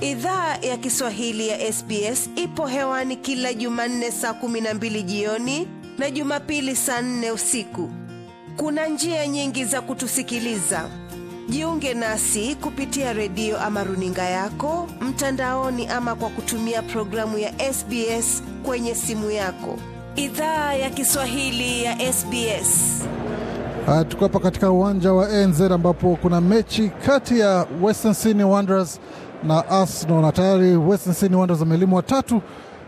Idhaa ya Kiswahili ya SBS ipo hewani kila Jumanne saa kumi na mbili jioni na Jumapili saa nne usiku. Kuna njia nyingi za kutusikiliza. Jiunge nasi kupitia redio ama runinga yako mtandaoni, ama kwa kutumia programu ya SBS kwenye simu yako. Idhaa ya Kiswahili ya SBS. Ah, tuko hapa katika uwanja wa ANZ ambapo kuna mechi kati ya Western Sydney Wanderers na Arsenal, na tayari Western Sydney Wanderers wamelimwa tatu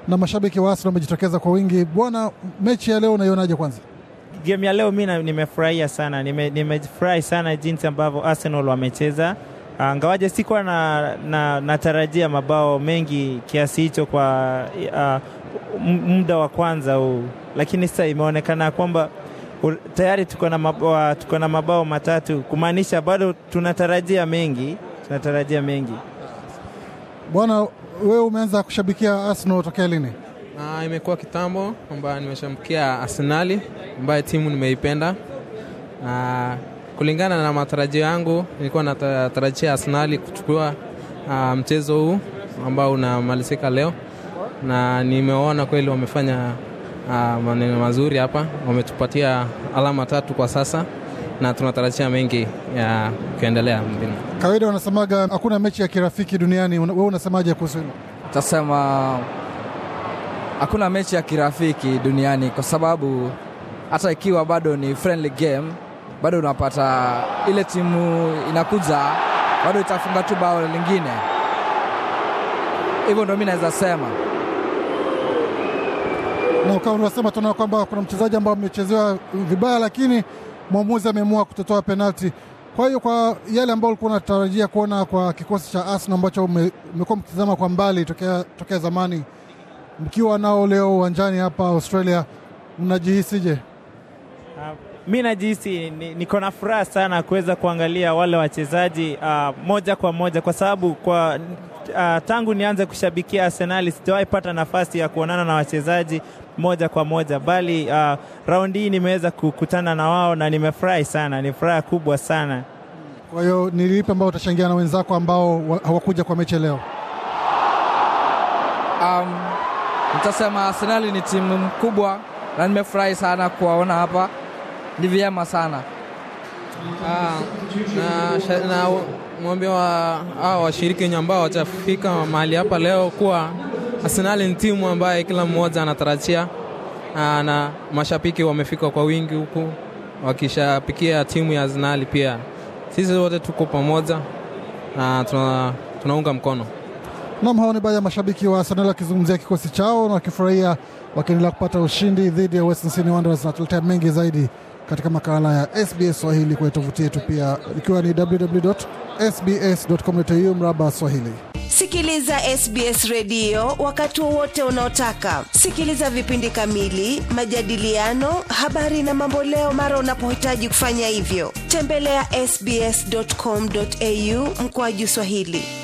na mashabiki wa Arsenal wamejitokeza kwa wingi. Bwana, mechi ya leo unaionaje? Kwanza game ya leo mi nimefurahia sana, nimefurahi nime sana jinsi ambavyo Arsenal wamecheza ah, ngawaje sikuwa na, na, natarajia mabao mengi kiasi hicho kwa uh, muda wa kwanza huu, lakini sasa imeonekana kwamba tayari tuko na mabao, tuko na mabao matatu kumaanisha bado tunatarajia mengi, tunatarajia mengi. Bwana, wewe umeanza kushabikia Arsenal tokea lini? Ah, imekuwa kitambo kwamba nimeshabikia Arsenali ambayo timu nimeipenda na ah, kulingana na matarajio yangu nilikuwa natarajia Arsenali kuchukua uh, mchezo huu ambao unamalizika leo, na nimeona kweli wamefanya uh, maneno mazuri hapa, wametupatia alama tatu kwa sasa na tunatarajia mengi ya kuendelea mbinu. Kawaida wanasemaga hakuna mechi ya kirafiki duniani, wewe unasemaje kuhusu hilo? Tasema hakuna mechi ya kirafiki duniani kwa sababu hata ikiwa bado ni friendly game, bado unapata ile timu inakuja bado itafunga tu bao lingine. Hivyo ndo mi naweza sema na ukawa unasema tunaona kwamba kuna mchezaji ambao amechezewa vibaya, lakini mwamuzi ameamua kutotoa penalti. Kwa hiyo kwa yale ambayo ulikuwa unatarajia kuona kwa kikosi cha Arsenal ambacho umekuwa mkitazama kwa mbali tokea, tokea zamani, mkiwa nao leo uwanjani hapa Australia, unajihisije Uh, mi najihisi niko na furaha sana kuweza kuangalia wale wachezaji uh, moja kwa moja, kwa sababu kwa uh, tangu nianze kushabikia Arsenali sijawahi pata nafasi ya kuonana na wachezaji moja kwa moja, bali uh, ah, raundi hii nimeweza kukutana na wao na nimefurahi sana, ni furaha kubwa sana. Kwa hiyo ni lipi ambao utashangia na wenzako ambao hawakuja kwa mechi leo? Um, nitasema Arsenali ni timu kubwa na nimefurahi sana kuwaona hapa, ni vyema sana. Ah, na, na wa washiriki wenye ambao watafika mahali hapa leo kuwa Arsenal ni timu ambaye kila mmoja anatarajia ah, na mashabiki wamefika kwa wingi huku wakishapikia timu ya Arsenal. Pia sisi wote tuko pamoja na tuna, tunaunga mkono nam. Hao ni baadhi ya mashabiki wa Arsenal wakizungumzia kikosi chao na wakifurahia wakiendelea kupata ushindi dhidi ya Western Sydney Wanderers. Natuletea mengi zaidi katika makala ya SBS Swahili kwenye tovuti yetu pia ikiwa ni www.sbs.com.au mraba Swahili. Sikiliza SBS redio wakati wowote unaotaka. Sikiliza vipindi kamili, majadiliano, habari na mamboleo mara unapohitaji kufanya hivyo. Tembelea ya sbs.com.au mkoaju Swahili.